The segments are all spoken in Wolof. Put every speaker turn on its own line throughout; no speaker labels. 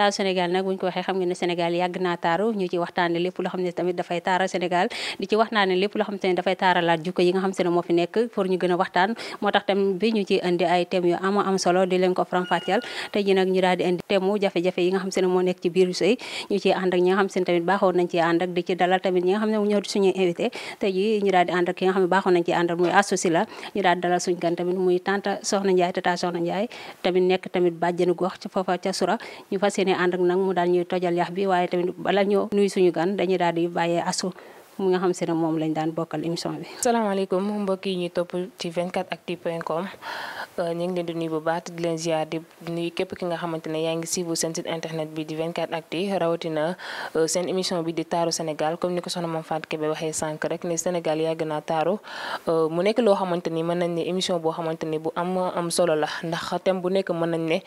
taaru
Sénégal nag te mu jafe-jafe yi nga xam se moo nekk ci biir sëy ñu ciy ànd ñi nga xam se tamit baaxoon nañ ci ànd muy associé ñu daal di ànd ak nag mu daal ñuy tojal yax bi waaye tamit bala ñoo nuy suñu gan dañuy daal di bàyyee asu mu nga xam si ne moom lañ daan bokkal émission bi.
salaamaaleykum mbokk yi ñuy topp ci 24actu.com euh, ñu ngi leen di nuyu bu baax di leen ziar képp ki nga xamante ne yaa ngi suivre seen site internet bi di 24actu rawatina euh, seen émission bi di taaru Sénégal comme ni ko soxna Mame Fatou Kébé waxee sànq rek ne Sénégal yàgg naa taaru euh, mu nekk loo xamante ni mën nañ ne émission boo xamante ni bu am am solo la ndax thème bu nekk mën nañ ne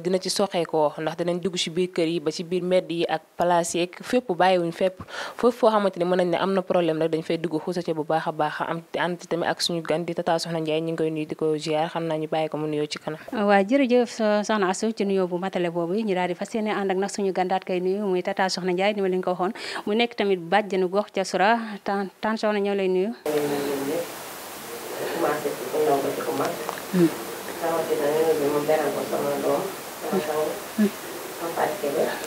dina ci soxeekoo ndax dinañ dugg ci biir kër yi ba ci biir mbedd yi ak place yi fépp bàyyiwuñ fépp foofu foo problème rek dañ fay dugg xuusa ci bu baax a baax am ànd tamit ak suñu gan di Tata Soxna Ndiaye ñu ngi koy nuyu di ko ziar xam naa ñu bàyyi ko mu nuyoo ci kanam
waaw jërëjëf soxna Astou ci nuyoo bu matale boobu ñu daal di fas yéene nag suñu gan daat koy nuyu muy Tata Soxna Ndiaye mu nekk tamit bàjjenu gox ca Sura soxna ñoo lay nuyu
mm.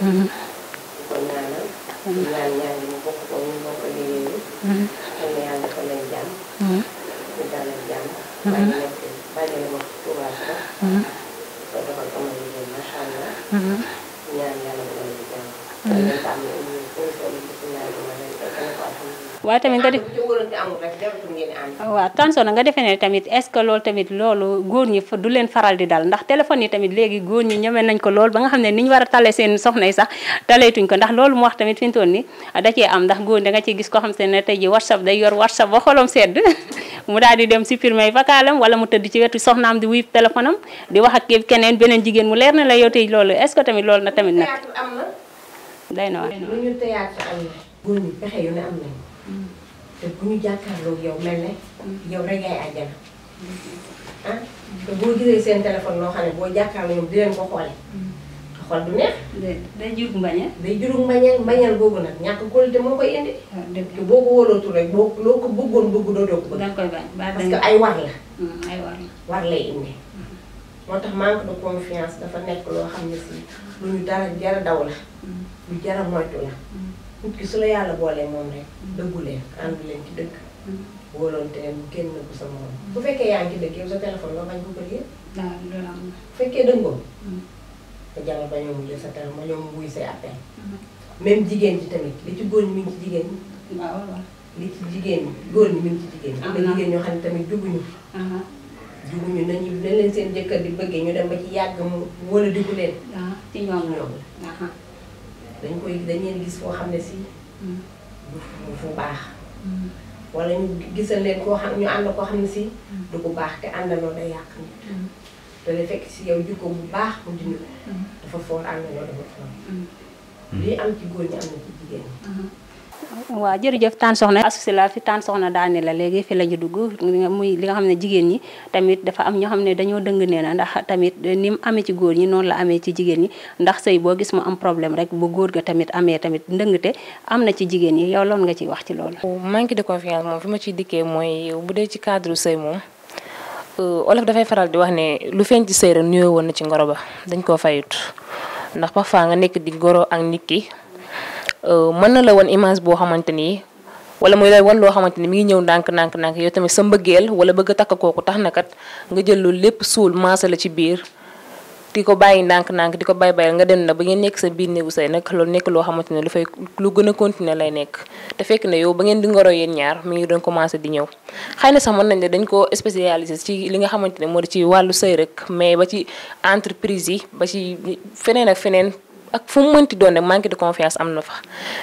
Mm. Mm.
ñaan ñaan yi mu bokk ko ñu bokk liggéey yi. xam ne yàlla defal nañ jàmm. ñu dalal nekk bàyyi la wax Touba sax. ba defal ko ma liggéey macha allah. ñaan yàlla defal waaye tamit nga def
waaw Tansono nga defee ne tamit est-ce que loolu tamit loolu góor ñi du leen faral di dal ndax téléphone yi tamit léegi góor ñi ñeme nañ ko lool ba nga xam ne ni ñu war a tale seen soxna yi sax taleetuñ ko ndax loolu mu wax tamit fi ni da cee am ndax góor da nga ciy gis ko xam se ne tey ji whatsapp day yor whatsapp ba xolam sedd mu daal di dem yi vakalam wala mu tëdd ci wetu soxnaam di wuy téléphone di wax ak keneen beneen jigéen mu leer na la yow tey loolu est-ce na tamit nag
day te bu ñu jàkkaarloo yow mel ne rek yaay àjjana ah te boo gisee seen téléphone loo xam ne boo jàkkaarloo ñoom di leen ko xoolee te xool du neex jurug mbañeel day jurug mbañeel mbañeel boobu nag ñàkk kóolute moo koy indi te boo ko wóolootul rek boo loo ko bëggoon bëgg doo ay war la ay war la war lay tax manque de dafa nekk loo xam ne si lu dara jara daw la jara moytu nit ki su la yàlla boolee moom rek dëggu leen ànd leen ci dëkk wóolonte leen kenn ku sa moom bu fekkee yaa ngi ci dëkk yow sa téléphone nga ko ko lii
bu fekkee dëngoo hmm.
nga jaral ba ñoom jël sa téléphone ñoom wuy say appel hmm. même jigéen ci tamit li ci góor ni mi ngi jigéen ñi waaw waaw ci jigéen ñi góor ñi mi ngi ci jigéen ñi am na jigéen ñoo xam ne tamit jubuñu jubuñu nañu nañ leen seen jëkkër di bëggee ñu dem ba ci yàgg mu wóola digu leen ci ñoom ñoom la dañ koy dañ leen gis foo xam ne si mm. du fu baax mm. wala ñu gisal leen koo xam ñu ànd koo xam ne si mm. du ko baax te àndandoo day yàq nit te li fekk si yow jikko bu baax mu dindi dafa foor àndandoo dafa foor lii am ci góor ñi am na ci jigéen ñi
mm-hmm.
waaw jërëjëf Tane Soxna associé la fi Soxna daane la léegi fi la ñu dugg muy li nga xam ne jigéen ñi tamit dafa am ñoo xam ne dañoo dëng nee na ndax tamit ni mu amee ci góor ñi noonu la amee ci jigéen ñi ndax sëy boo gis mu am problème rek bu góor ga tamit amee tamit ndëngte am na ci
jigéen ñi yow loolu nga ciy wax ci loolu oh, manque de confiance moom fi ma ciy dikkee mooy bu dee ci cadre sëy moom euh, olof dafay faral di wax ne lu feeñ ci sëy rek nuyoo woon na ci ngoro ba dañ koo fayut ndax parfois nga nekk di goro ak nit ki Euh, mën na la wan image boo xamante ni wala muy lay wan loo xamante ni mi ngi ñëw ndànk ndànk ndànk yow tamit sa mbëggeel wala bëgg a takk kooku tax na kat nga jël loolu lépp suul maasa la ci biir di ko bàyyi ndànk ndànk di ko bàyyi bàyyi nga dem na ba ngeen nekk sa biir néegu say nag loolu nekk loo xamante ne lu lu gën a lay nekk te fekk na yow ba ngeen di ngoro yéen ñaar mi ngi doon commencé di ñëw xëy na sax mën nañ ne dañ ko spécialisé ci li nga xamante ne moo di ci wàllu say rek mais ba ci entreprise yi ba ci feneen ak feneen ak fu mu mënti doon rek manque de confiance am na fa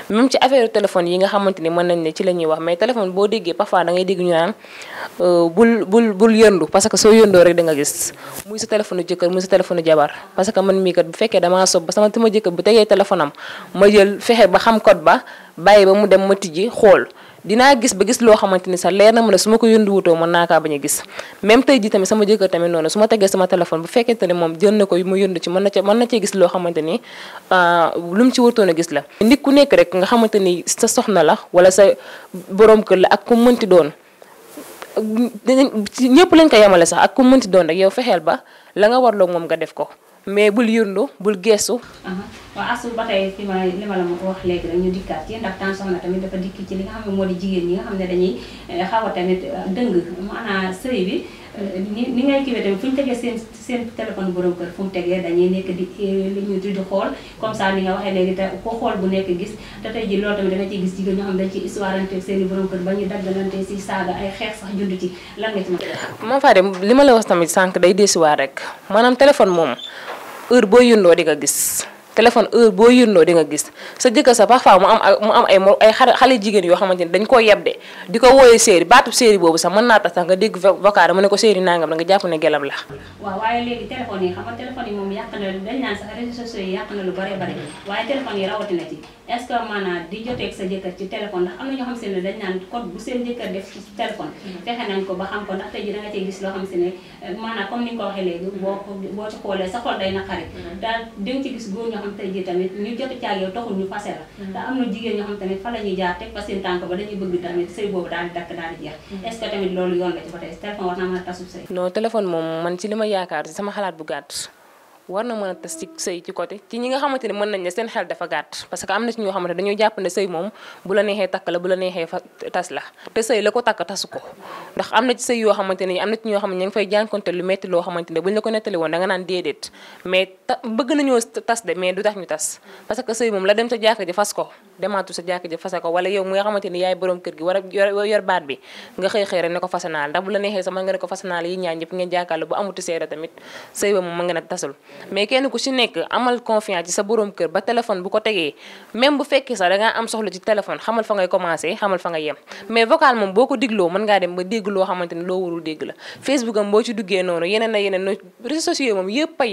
même ci affaire téléphone yi nga xamante ni mën nañ ne ci la ñuy wax mais téléphone boo déggee parfois da dégg ñu naan euh, bul bul yëndu parce que soo yëndoo rek da nga gis muy sa téléphone jëkkër muy sa téléphone jabar parce que man mii kat bu fekkee damaa sob ba sama sama jëkkër bu tegee téléphone am ma jël fexe ba xam code ba bàyyi ba mu dem ma tijji xool dinaa gis ba gis loo xamante ni sax leer na ma ne su ma ko yënduwutoo mën naa kaa bañ a gis même tey ji tamit sama jëkkër tamit noonu su ma tegee sama téléphone bu fekkente ne moom jël na ko ma yëndu ci mën na ca mën na cee gis loo xamante ni euh, lu mu ci wartoon a gis la nit ku nekk rek nga xamante ni sa soxna la wala sa boroom kër la ak ku mënti doon ñëpp lañ ko yemale sax ak ku mënti doon rek yow fexeel ba la nga warloo moom nga def ko mais bul yurndu bul geesu. Uh-huh.
waaw asul ba tey fi ma li ma la ma ko wax léegi rek ñu dikkaat ci ndax temps soxna tamit dafa dikk ci li nga xam ne moo di jigéen ñi nga xam ne dañuy eh, xaw tamit eh, dëng maanaam bi eh, ni ni ngay kiiwee tamit ñu tegee seen seen téléphone borom kër mu tegee dañuy di li ñu di xool comme ça ni nga waxee léegi ko xool bu nekk gis te tey ji loolu tamit danga ciy gis jigéen ñoo xam ne dañ ci histoire seen i borom kër ba ñu daggalante si saaga ay xeex sax jund ci lan nga ci ma.
Mame Fadé li ma la wax tamit sànq day desuwaat rek maanaam téléphone moom heure boo yëndoo di nga gis téléphone heure boo yëndoo di nga gis sa jëkkër sa parfois mu am mu am ay mo ay xale jigéen yoo xamante ni dañ koo yeb de di ko wooyee séeri baatu séeri boobu sax mën naa tax sax nga dégg vocal mu ne ko séeri nangam da nga jàpp ne gelam la
waaw waaye léegi téléphone yi xam nga yi moom yàq na dañ naan sax réseaux sociaux yi yàq na lu bare bare waaye téléphone yi rawatina ci est-ce di joteeg sa jëkkër ci téléphone ndax am na ñoo xam se ne dañ naan code bu seen jëkkër def ci téléphone mhm. fexe nañ ko ba xam ko ndax tey ji da nga euh, léegi boo boo ci xoolee sa xol day naqari mhm. daal gis góor ñoo xam tey ji tamit ñu jote caag yow taxul ñu fase la ndax mhm. am na jigéen ñoo xam tamit fa la ñuy jaar teg fa seen ba dañuy bëgg tamit sëy boobu daal di dakk daal di jeex est tamit loolu yoon la ci ba tey war
naa mën a tasub sëy non téléphone moom man ci li ma yaakaar sama xalaat bu gàtt war na mën a tas ci sëy ci côté ci ñi nga xamante ne mën nañ ne seen xel dafa gàtt parce que am na ci ñoo xamante dañoo jàpp ne sëy moom tas la te sëy la ko takk tasu ko na ci yoo xamante ne am na ci ñoo xam ne ña ngi fay jànkonte lu loo xamante ne buñ la ko nettali woon da nga naan déedéet mais ta sëy moom la dem sa jàkk ji fas ko demaatu sa nga xamante ni yaay borom kër gi war a yor baat ne ko fase ñëpp ngeen jàkkaarloo bu amuti seeda tamit sëy tasul mais kenn ku ci nekk amal confiance ci sa borom kër ba téléphone bu ko tegee même bu fekkee sax da ngaa am soxla ci téléphone xamal fa ngay commencé xamal fa nga yem mais vocal ko digloo mën ngaa dem ba dégg loo xamante ne loo warul dégg la Facebook am boo ci duggee noonu yeneen na yeneen no réseaux sociaux moom yëpp a da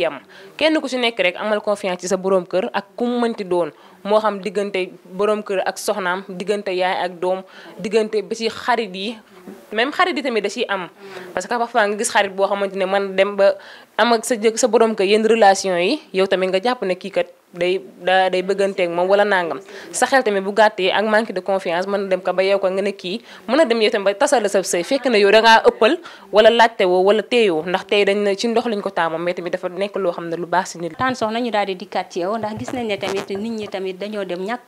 ciy man dem ba am ak sa jëkk sa borom ko yenn relation yi yow tamit nga jàpp ne kii kat day da day moom wala nangam sa xel tamit bu gàttee ak manque de confiance mën na dem ko ba yow ko nga ne kii mën a dem yow tamit la sa sëy fekk na yow dangaa ëppal dafa loo xam ne lu baax si nit tan
di dikkaat ci yow ndax gis nañ ne tamit nit ñi tamit dañoo dem ñàkk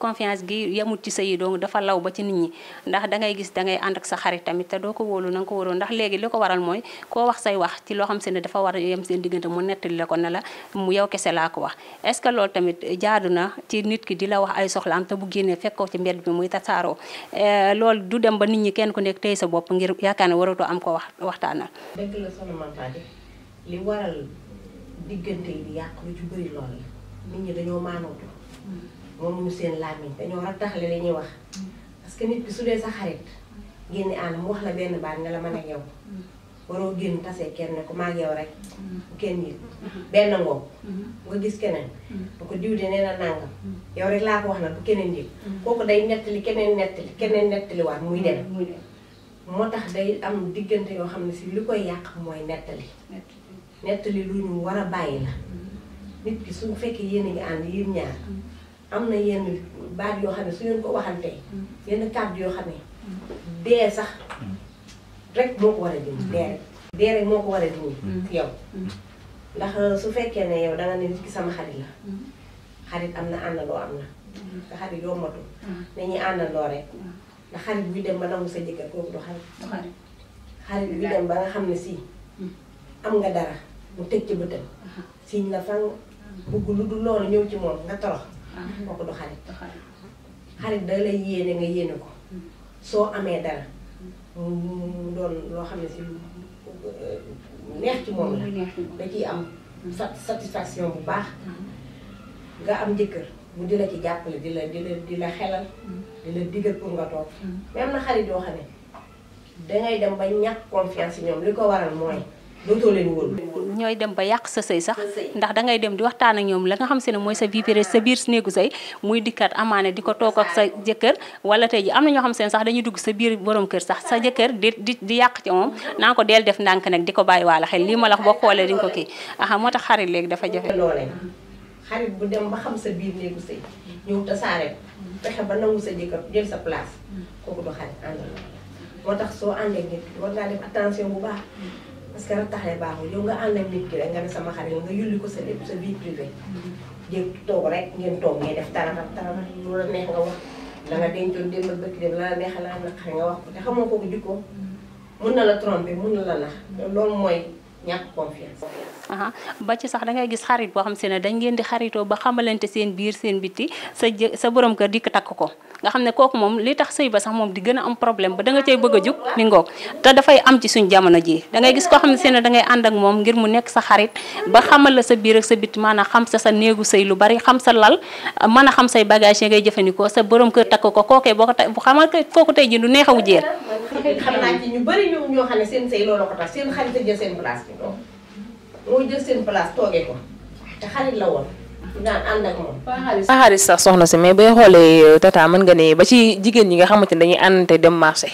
law ba ci nit ñi ndax da ngay gis da ngay ànd ak sa xarit tamit te doo ko wóolu na nga ko wóoroon ndax léegi li ko waral mooy koo wax say wax ci loo xam se dafa war yem seen seen diggante mu nettali la ko ne la mu yow kese laa ko wax est ce que loolu tamit jaadu na ci nit ki di la wax ay soxla am te bu génnee fekk ko ci mbedd bi muy tasaaroo euh, loolu du dem ba nit ñi kenn ku nekk tey sa bopp ngir yaakaar ne waratoo am ko wax waxtaanal.
dëgg la li waral diggante yi yàqu lu ci nit ñi dañoo maanootu moom ñu seen làmmiñ dañoo rattaxle li ñuy wax mm. parce nit ki su dee sa xarit génne ànd mu wax la benn baat ne mën a yow mm. waroo génn tasee kenn ne ko maa ngi yow rek bu mm-hmm. kenn yëg mm-hmm. benn ngoog mm-hmm. nga gis keneen bu ko diw de nee na nàngam yow rek laa ko wax na bu keneen yëg kooku day nettali keneen nettali keneen nettaliwaat muy dem moo tax day am diggante yoo xam ne si li koy yàq mooy nettali nettali lu ñu war a bàyyi la nit ki su fekkee yéen a ànd yéen ñaar am na yenn baat yoo xam ne su ngeen ko waxantee yenn kàddu yoo xam ne dee sax Mm-hmm. rek moo ko war a dindi dee dee rek moo ko war a dindi yow mm-hmm. ndax uh, su fekkee ne yow danga ne nit ki sama xarit la mm-hmm. xarit am na àndandoo am na te xarit yombatul nañuy àndandoo rek ndax xarit buy dem ba nangu sa jëkkër xarit xarit dem ba nga xam ne sii am nga dara mu tëj ci bëtam uh-huh. siiñ la fan bugg lu dul loolu ñëw ci moom nga torox uh-huh. kooku du xarit xarit da lay yéene nga yéene ko soo amee dara mu doon loo xam ne si lu neex ci moom la da ciy am satisfaction bu baax mm-hmm. nga am njëkkër mu di la ci jàppale di la di la di la xelal mm-hmm. di la digal pour nga toog mm-hmm. mais na xarit yoo xam ne dangay dem ba ñàkk confiance ci ñoom li ko waral mooy dootoo
ñooy dem ba yàq sa sëy sax ndax dangay dem di waxtaan ak ñoom la nga xam se ne mooy sa vie privée sa biir néegu sëy muy dikkat amaane di ko toog ak sa jëkkër wala tey ji am na ñoo xam se ne sax dañuy dugg sa biir borom kër sax sa jëkkër di di di yàq ci moom naa ko del def ndànk nag di ko bàyyi waala xel lii ma la boo xoolee di ko kii aha moo tax xarit léegi dafa jafe loolee
xarit bu dem ba xam sa biir néegu sëy ñëw tasaare fexe ba nangu sa jëkkër jël sa place kooku du xarit parce que rattaxle baaxul yow nga ànd ak nit ki rek nga ne sama xarit nga yulli ko sa lépp sa vie privée. Mm-hmm. jéeg toog rek ngeen toog ngay def tarata tarata lu la neex nga wax. la nga dencoon démb ak bëkk dem la la neex la naqare nga wax ko te xamoo ko ko jikko mm-hmm. mun na la tromper mun na la nax loolu mooy. ñàkk confiance.
ba ci sax da ngay gis xarit boo xam se ne dañ ngeen di xaritoo ba xamalante seen biir seen bitti sa jë sa borom kër dikk takk ko nga xam ne kooku moom li tax sëy ba sax moom di gën a am problème ba da nga cay bëgg a jug mi ngoog te dafay am ci suñ jamono ji da ngay gis koo xam ne seen da ngay ànd ak moom ngir mu nekk sa xarit ba xamal la sa biir ak sa bitti maanaam xam sa sa néegu sëy lu bari xam sa lal mën a xam say bagage yi ngay jëfandikoo sa borom kër takk ko kookee boo ko ta bu xamal kooku tey ji du neexaw jéer
xam naa ñu bari ñoom ñoo ne seen toog moo jël seen place toogee ko te xarit la woon daan ànd ak moom. pas
sax soxna si mais bay xoolee euh, tata mën nga ne ba ci jigéen ñi nga xamante ne dañuy àndante dem marché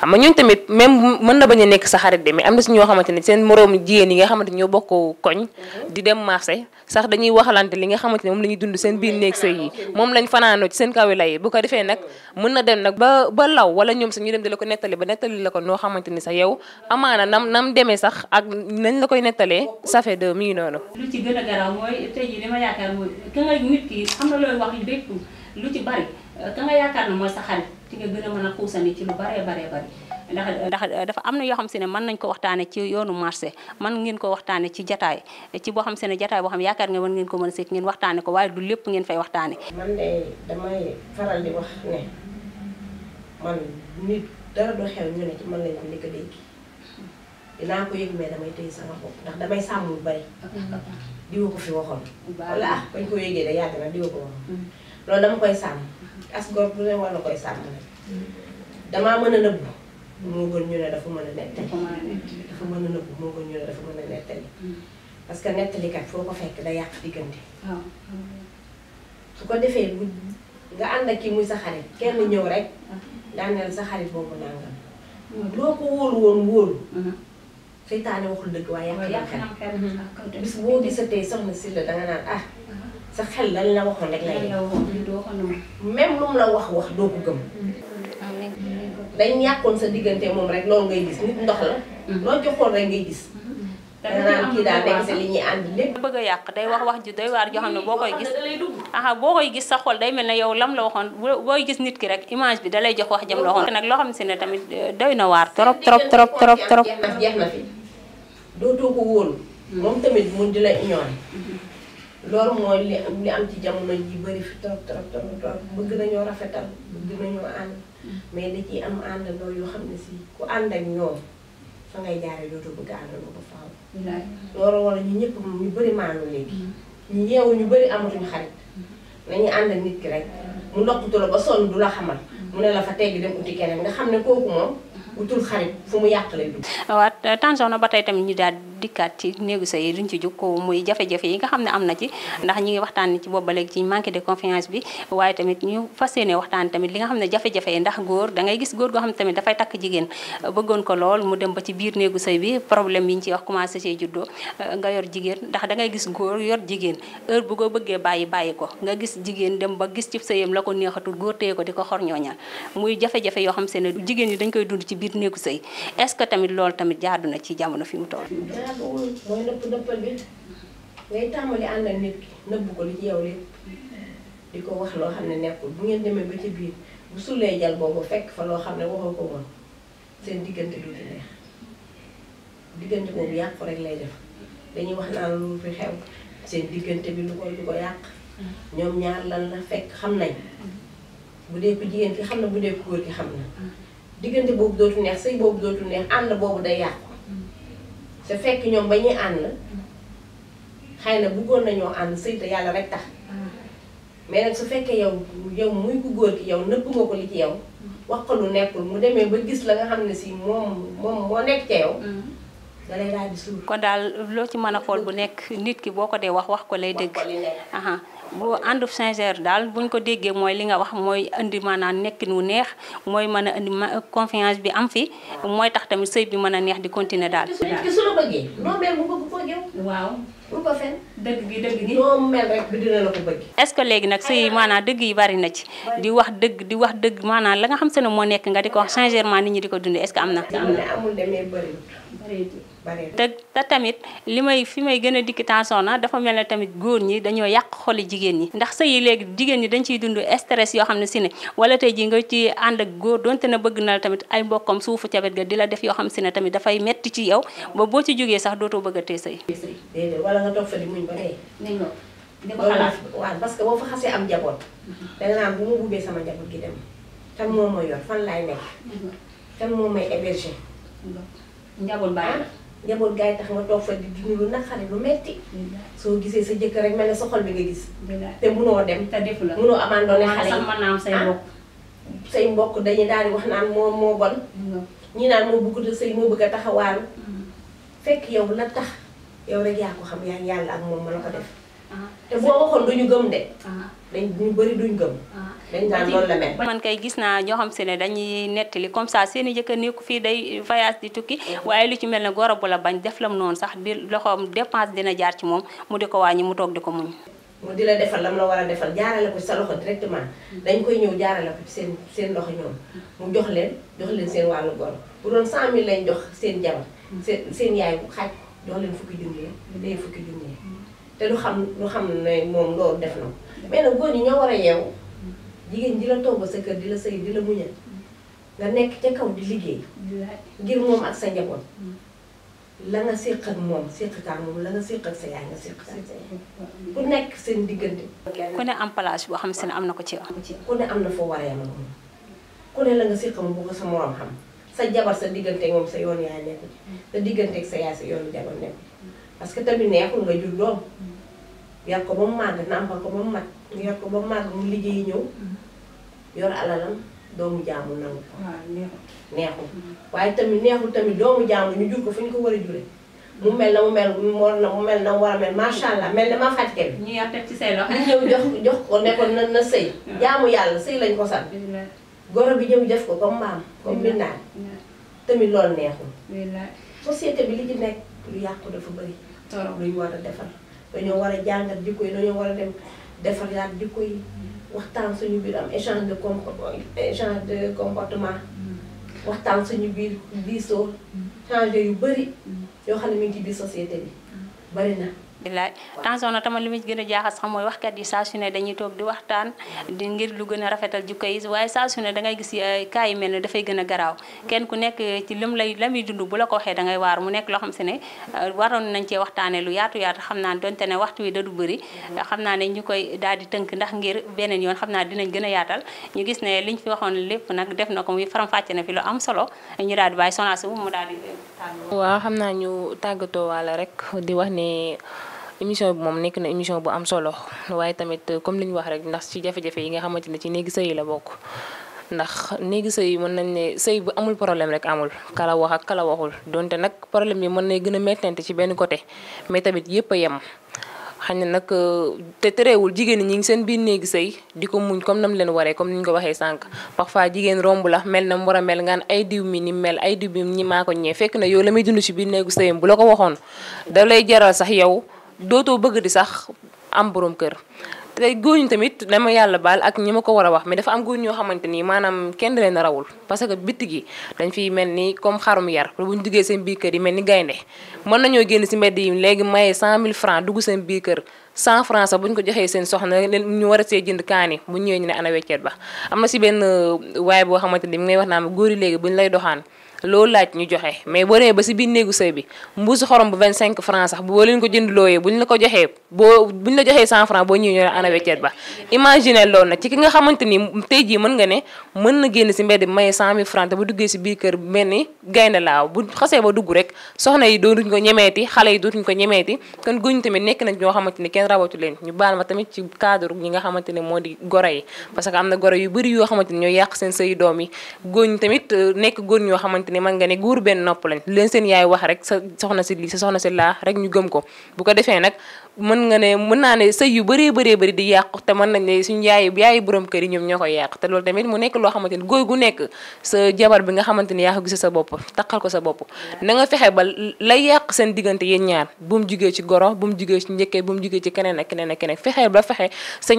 xam nga tamit même mën na bañ nekk sa xarit de mais am na si ñoo xamante ne seen moroom jigéen ñi nga xamante ne ñoo bokk koñ. di dem marché sax dañuy waxalante li nga xamante ne moom la ñuy dund seen biir néeg sëy yi moom lañ fanaanoo ci seen kaw yi lay bu ko defee nag mën na dem nag ba ba law wala ñoom sax ñu dem di la ko nettali ba nettali la ko noo xamante ni sax yow amaana nam nam demee sax ak nañ la koy nettalee ça de mi ngi noonu
ka nga nit ki xam na looy wax yi bépp lu ci bari ka nga yaakaar ne mooy sa xarit ci nga gën a mën a xuusani ci lu baree baree bari ndax dafa am na yoo xam se ne mën nañ ko waxtaane ci yoonu marché mën ngeen ko waxtaane ci jataay ci boo xam se ne jataay boo xam yaakaar nga mën ngeen ko man a seet ngeen waxtaane ko waaye du lépp ngeen fay waxtaane man de
damay faral di wax ne man nit dara du xew ñu ne ci man lañ ko njëkk a dinaa ko yëg mais damay téye sama bopp ndax damay sàmm lu bari. diwa ko fi waxoon. wala ah bañ ko yëgee da yàgg na diwa ko waxoon. Mm. loolu dama koy sàmm. as góor bu ne war koy sàmm nag. damaa mën a nëbbu. moo gën ñu ne dafa mën a nettali. dafa mën a nëbbu moo gën ñu ne dafa mën a nettali. Mm. parce que nettalikat foo ko fekk da yàq diggante. su ko defee bu nga ànd ak kii muy sa xarit kenn ñëw rek. Ah. daaneel sa xarit boobu nangam. Mm. loo seytaane waxul dëgg waaye yaa xam xel bis boo gisatee soxna si la danga naan ah sa xel lañ la waxoon rek lay même lu mu la wax wax doo ko gëm dañ yàqoon sa diggante moom rek loolu ngay gis nit ndox la loo joxoon rek ngay gis danaan kii daal nekk si li ñuy ànd lépp
bëgg a yàq day wax wax ju doy waar joo xam ne boo koy gis aha boo koy gis sa xol day mel ne yow lam la waxoon booy gis nit ki rek image bi dalay jox wax jëm la waxoon nag loo xam si ne tamit eh, doy na waar trop trop trop trop trop jeex na fi
dootoo ko wóolu hmm. moom la ignoré hmm. loolu mooy li am ci jamono ji bari fi trop trop trop bëgg nañoo rafetal bëgg nañoo ànd hmm. mais da ciy am àndandoo yoo xam ne si ku ànd ak ñoom fa ngay jaaree dootoo bëgg àndandoo ba faaw. loolu wala ñu ñëpp ñu bëri maandu léegi. ñu yeewu ñu bëri amatuñu xarit. nañu ànd ak nit ki rek. mu ndoxtu la ba sonn du la xamal. mu ne la fa tegg dem uti keneen nga xam ne kooku moom. wutul xarit fu mu yàq lay dugg.
waaw euh, Tange na ba tey tamit ñu daal dikkaat ci néegu sa yi duñ ci jóg muy jafe-jafe yi nga xam ne am na ci ndax ñu ngi waxtaan ci boobu ba léegi ci manque de confiance bi waaye tamit ñu fas yéene waxtaan tamit li nga xam ne jafe-jafe yi ndax góor da ngay gis xam ne tamit dafay takk jigéen bëggoon ko lool mu dem ba ci biir néegu sëy bi problème yi ñu ciy wax commencé see juddoo euh, nga yor jigéen ndax da ngay gis góor yor jigéen heure bu ko bëggee bàyyi bàyyi ko nga gis jigéen dem ba gis ci sëyam la ko neexatul góor téye ko di ko xor ñooñal muy jafe-jafe yoo xam se ne jigéen ñi dañ koy dund ci biir nekku sëy est-ce que tamit loolu tamit jaadu na ci jamono fi mu toll.
mooy nëpp nëppal bi ngay tàmbali ànd ak nit ki nëbb ko li ci yow lépp di ko wax loo xam ne nekkul bu ngeen demee ba ci biir bu sulee jal boobu fekk fa loo xam ne waxoo ko woon seen diggante du ci neex diggante boobu yàqu rek lay def dañuy wax naan lu fi xew seen diggante bi lu ko lu ko yàq. ñoom ñaar lan la fekk xam nañ bu dee ko jigéen ki xam na bu dee ko góor ki xam na diggante boobu dootu neex sëy boobu dootu neex ànd boobu day yàqu sa mm. fekk ñoom ba ñuy ànd xëy na bëggoon nañoo ànd sëy te yàlla rek tax mm. mais su fekkee yow yow muy ku góor ki yow nëbb nga ko li ci yow mm. wax ko lu nekkul mu demee ba gis la nga xam ne si moom moom moo nekk ca yow
da lay daal di kon daal loo ci mën a xool bu nekk nit ki boo ko dee wax wax ko lay dëgg boo àndub sincère daal buñ ko déggee mooy li nga wax mooy indi maanaam nekkin wu neex mooy mën a indi confiance bi am fi mooy tax tamit sëy bi mën a neex di continuer daal. ci
waaw bu
ce que léegi nag sëy maanaam dëgg yi bari na ci. di wax dëgg di wax dëgg maanaam la nga xam se ne moo nekk nga di ko wax sincèrement nit ñi di ko dundee est-ce am na. am na
amul demee bëriwul.
te te tamit li may fi may gën a dikki tension na dafa mel ne tamit góor ñi dañoo yàq xoli jigéen ñi ndax sëy yi léegi jigéen ñi dañ ciy dund stress yoo xam ne si ne wala tey ji nga ci ànd ak góor donte na bëgg na la tamit ay mbokkam suufu cabet ga di la def yoo xam si ne tamit dafay metti ci yow ba boo ci jógee sax dootoo bëgg te tee sëy
wala nga toog fa am njaboot mhm. danga moo ma yor fan laay njaboot gaay tax nga toog fa di dund lu naqari lu metti soo gisee sa jëkkër rek mel ne sa bi nga gis te munoo dem te defu la munoo abandonné xale yi mën naa say ah, mbokk say mbokk dañuy daal wax naan moo moo bon ñi naan moo bëgg sëy moo bëgg a taxawaalu mm-hmm. fekk yow la tax yow rek yaa ko xam yaa yàlla ak moom ma la ko def ah. te boo waxoon duñu gëm de ah. dañ ñu bëri duñ gëm
man kay gis naa ñoo xam se ne dañuy nettali comme ça seen i jëkkër nekku fii day voyage di tukki mm-hmm. waaye lu ci mel ne goro bu la bañ def lam noonu sax bi loxoom dépense dina jaar ci moom mu di ko wàññi mu toog di ko muñ
mu di la defal lam la war a defal jaarale ko ci sa loxo directement mm-hmm. dañ koy ñëw jaarale ko ci seen seen loxo ñoom mu jox leen jox leen seen wàllu goro bu doon 100000 lañ jox seen jabar mm-hmm. seen seen yaay bu xaaj jox leen fukki junni day fukki junni xam du xam na ko mais nag góor ñi ñoo war jigéen ji la togg sa kër di la sëy di la muñal nga nekk ca kaw di liggéey ngir moom ak sa njaboot la nga séq ak moom séq ak moom la nga séq ak sa yaay nga séq sa nekk seen diggante ku
ne am place boo xam si ne am na ko ci
ku ne am na foo war a la nga séq moom bu sa moroom xam sa jabar sa diggante moom sa yoon yaay nekk sa diggante ak sa yaay sa yoonu jabar nekk parce que tamit neexul nga jur doom yar ko ba mu màgg nàmpal ko ba mu mat yar ko ba mu màgg mu liggéey ñëw mm-hmm. yor alalam doomu jaamu nangu ko neexul mm-hmm. waaye tamit neexul tamit doomu jaamu ñu ko fu ko war a jure mu mel na mu mel na mu mel na mu war allah mel na ma faj kenn. ñu yor teg ci na na sëy. jaamu yàlla sëy lañ ko sant. goro bi ñëw def ko comme maam comme mbindaan tamit loolu neexul. société bi li ci nekk yàqu dafa bëri. torop luñ war a defar. dañoo war a jàngat jikko yi dañoo war a dem defaraat jikko yi waxtaan suñu biir am échange de com échange de comportement mm. waxtaan suñu biir diisoo mm. changer yu bëri mm. yoo xam ne mi ngi ci biir société bi bëri na
bilaay tension na tama li mu gën a jaaxal sax mooy waxkat yi saa su ne dañuy toog di waxtaan di ngir lu gën a rafetal jukka yi waaye saa su ne dangay gis kaa eh, yi mel ne dafay gën a garaaw kenn ku nekk ci lim la dund bu la ko waxee dangay waar mu nekk loo xam se ne eh, waroon nañ cee waxtaane lu yaatu yaatu xam naa donte ne waxtu wi da du bëri xam naa ne ñu koy daal di tënk ndax ngir beneen yoon xam naa dinañ gën a yaatal ñu gis ne liñ fi waxoon lépp nag def na ko muy faram-fàcce na fi lu am solo ñu daal di bàyyi sonasu mu daal di
tàggatoo waaw xam naa ñu tàggatoo walla rek di émission bi moom nekk na émission bu am solo waaye tamit comme li ñu wax rek ndax ci jafe-jafe yi nga xamante ne ci néegi sëy la bokk ndax néegi sëy mën nañ ne sëy bu amul problème rek amul kala wax ak kala waxul donte nag problème yi mën na gën a mettante ci benn côté mais tamit yëpp yem xañ na nag euh, te terewul jigéen ñi ngi seen biir néegi sëy di ko muñ comme nam leen waree comme ni ñu ko waxee sànq parfois jigéen romb la mel na mu war a mel ngaan ay diw mi ni mel ay diw mi ñi maa ko ñee fekk na yow la may dund ci biir néegu sëyam bu la ko waxoon da lay jaral sax yow dootoo bëgg di sax am borom kër te góor ñi tamit ma yàlla baal ak ñi ma ko war a wax mais dafa am góor ñoo xamante ni maanaam kenn leen rawul parce que bitti gi dañ fiy mel ni comme xarum yar bu ñu duggee seen biir kër yi mel ni gaynde mën nañoo génn si mbedd yi léegi maye mille francs dugg seen biir kër 100 francs sax bu ñu ko joxee seen soxna ñu war a see jënd kaani bu ñëwee ñu ne ana weccet ba am na si benn euh, waaye boo xamante ni mi ngay wax naa góor yi léegi bu ñu lay doxaan loolu laaj ñu joxe mais boo demee ba si biir néegu sëy bi mbuusu xorom bu 25 francs sax boo leen ko jënd looyee buñ la ko joxee boo buñ la joxee 100 ba na génn si mbedd maye 100 000 duggee si biir kër mel ni gaynde laaw bu xasee ba dugg rek soxna yi dootuñ ko ñemeeti xale yi dootuñ ko ñemeeti kon guñ tamit nekk nañ ñoo xamante ni kenn rabatu ñu baal ma tamit ne moo di goro yi parce que am na yu bëri yoo xamante ni ñooy yàq seen sëy doom yi góoñ tamit nekk ni man nga ne guur benn nopp lañ leen seen yaay wax rek sa soxna si lii sa soxna si laa rek ñu gëm ko bu ko defee nag mën nga ne mën naa ne sëy yu bëree bëree bëri di yàq te man nañ ne suñu yaay yaayu kër yi ñoom ñoo ko yàq te loolu tamit mu nekk loo xamante ni góor gu nekk sa jabar bi nga xamante ni yaa ko gis sa bopp taqal ko sa bopp na nga fexe ba lay yàq seen diggante yéen ñaar bu mu jugee ci goro bu mu jugee ci njëkkee bu mu jugee ci keneen ak keneen ak keneen fexe sa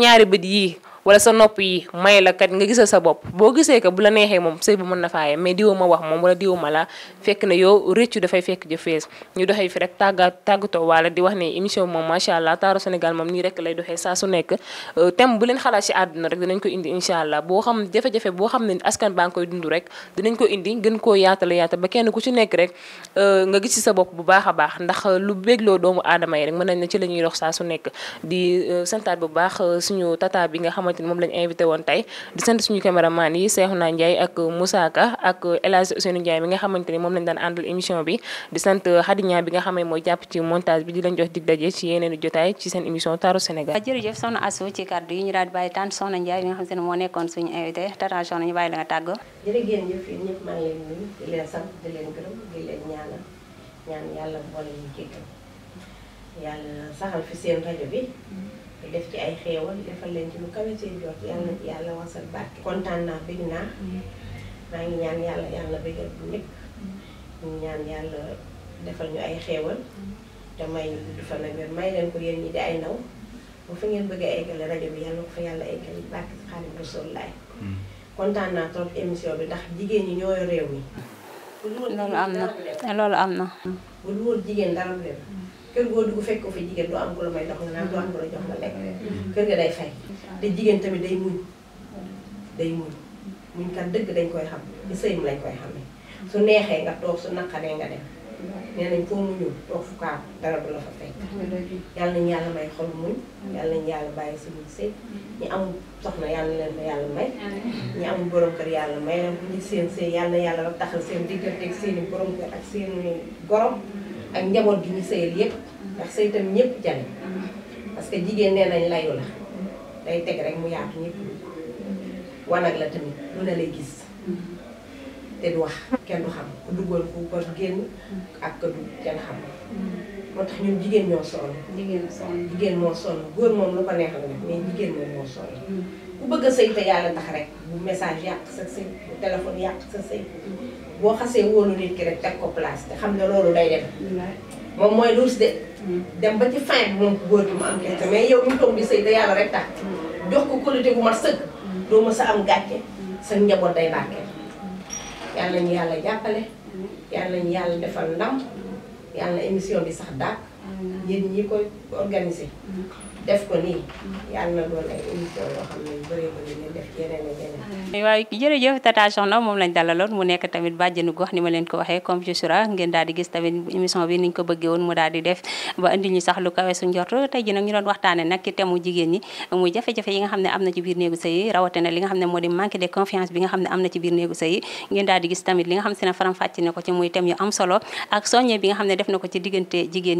wala sa nopp yi may la kat nga gisal sa bopp boo gisee ko bu la neexee moom sëy bu mën na faaye mais diwu wax moom wala diwu ma la fekk na yow rëccu dafay fekk ja ñu doxee fi rek tàgga tàggatoo wala di wax ne émission moom macha allah taaru Sénégal moom nii rek lay doxee saa su nekk euh, thème bu leen xalaat si àdduna rek ko indi incha allah boo xam jafe boo xam ne askan baa ngi koy dund rek dinañ ko indi gën koo yaatal yaatal ba kenn ku ci nekk rek euh, nga gis ci sa bopp bu baax a baax ndax euh, lu bégloo doomu aadama yi rek mën nañ na ci la ñuy dox saa su nekk di santaat bu baax suñu bi nga xamante xamante ni moom lañ invité woon tey di sant suñu caméraman yi Cheikhouna Ndiaye ak Moussa ak El Hadj Ousseynou Ndiaye mi nga xamante ni moom lañ daan àndal émission bi di sant euh, Khadija bi nga xam ne mooy jàpp ci montage bi di lañ jox jotaay ci seen émission Taaru Sénégal jërëjëf soxna
Asou ci kàddu yi ñu daal di bàyyi tànn soxna Ndiaye bi nga xamante ni moo nekkoon suñu invité tata soxna ñu bàyyi la nga tàggoo
jërëgéen jëf yi ñëpp maa leen ñaan yàlla boole ñu jéggal def ci ay xeewal defal leen ci lu kawe seen jot yàlla yàlla wasal barke kontaan naa bëgg naa maa ngi ñaan yàlla yàlla bëggal bu nekk ñu ñaan yàlla defal ñu ay xéewal te may ñu gudd may leen ko yéen ñi di ay ndaw bu fa ngeen bëggee eggale rajo bi yàlla ko fa yàlla eggale barke si Xaadimu Rasuul laay kontaan naa trop émission bi ndax jigéen ñi ñooy réew mi loolu am na loolu am na bu lu woon jigéen dara réew kër goo dugg fekk ko fa jigéen doo am ko la may dox nga naan doo am ko la jox nga lekk mm-hmm. Mm-hmm. kër ga day fay te jigéen tamit day muñ day muñ muñ kat dëgg dañ koy xam ci sëyam lañ koy xamee su neexee nga toog su naqaree nga dem nee nañ foo muñul toog fukaar dara du la fa fekk yàlla nañu yàlla bàyyi si muñ sëy ñi amul soxna yàlla leen ma yàlla may ñi amul borom kër yàlla may leen ku ñu seen sëy yàlla yàlla taxal seen diggante ak seeni borom kër ak seeni gorom ak njaboot bi ñu sëyal yëpp ndax sëy tam jane parce que jigéen nee nañ layu la day teg rek mu yaatu ñëpp wanag la tamit lu ne lay gis te du wax kenn du xam ku duggoon ku ko génn ak ka dugg kenn xam moo tax ñun jigéen ñoo sonn jigéen sonn jigéen moo sonn góor moom lu ko neex la def jigéen moom sonn mm. ku bëgg a yàlla tax rek bu message yàq sa sëy bu téléphone yàq sa sëy boo xasee wóolu nit ki rek teg ko place te xam ne loolu day dem. moom mooy luus de. Mm. dem ba ci fin bi moom góor bi mu am gerte mais yow mi toog di sëy te yàlla rek tax. Mm. jox ko qualité bu mat sëkk. Mm. doo ma sa am gàcce. sa njaboot day barke. yàlla ñu yàlla jàppale. yàlla ñu yàlla defal ndam. yàlla émission bi sax dàq. yéen ñi koy organiser. def ko nii. Mm-hmm. yàlla na doon ay émission
yoo xam ne dalaloon mu nekk tamit bàjjenu gox ni ma leen ko waxee comme Jusra ngeen daal di gis tamit émission bi niñ ko bëggee woon mu daal di def ba indi ñu sax lu kawe su njort tey ji nag ñu doon waxtaanee nag ci temu jigéen ñi muy jafe-jafe yi nga xam ne am na ci biir néegu sëy na li nga xam ne moo di manque de confiance bi nga xam ne am na ci biir néegu sëy ngeen daal di gis tamit li nga xam ne faram fàcc ne tem yu am solo ak ci diggante jigéen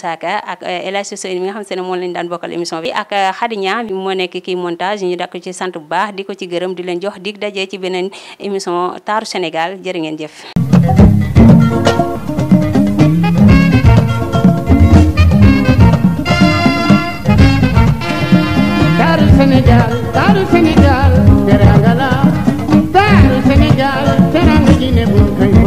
Moussa ak eh, El Hadj Sow mi nga xam ne moom lañu daan bokkal émission bi ak Xadiña eh, moo nekk kii montage ñu dakk ci sant bu baax di ko ci gërëm di leen jox dig dajee ci beneen émission taaru Sénégal jërë ngeen jëf
Sénégal Daaru Sénégal teranga Sénégal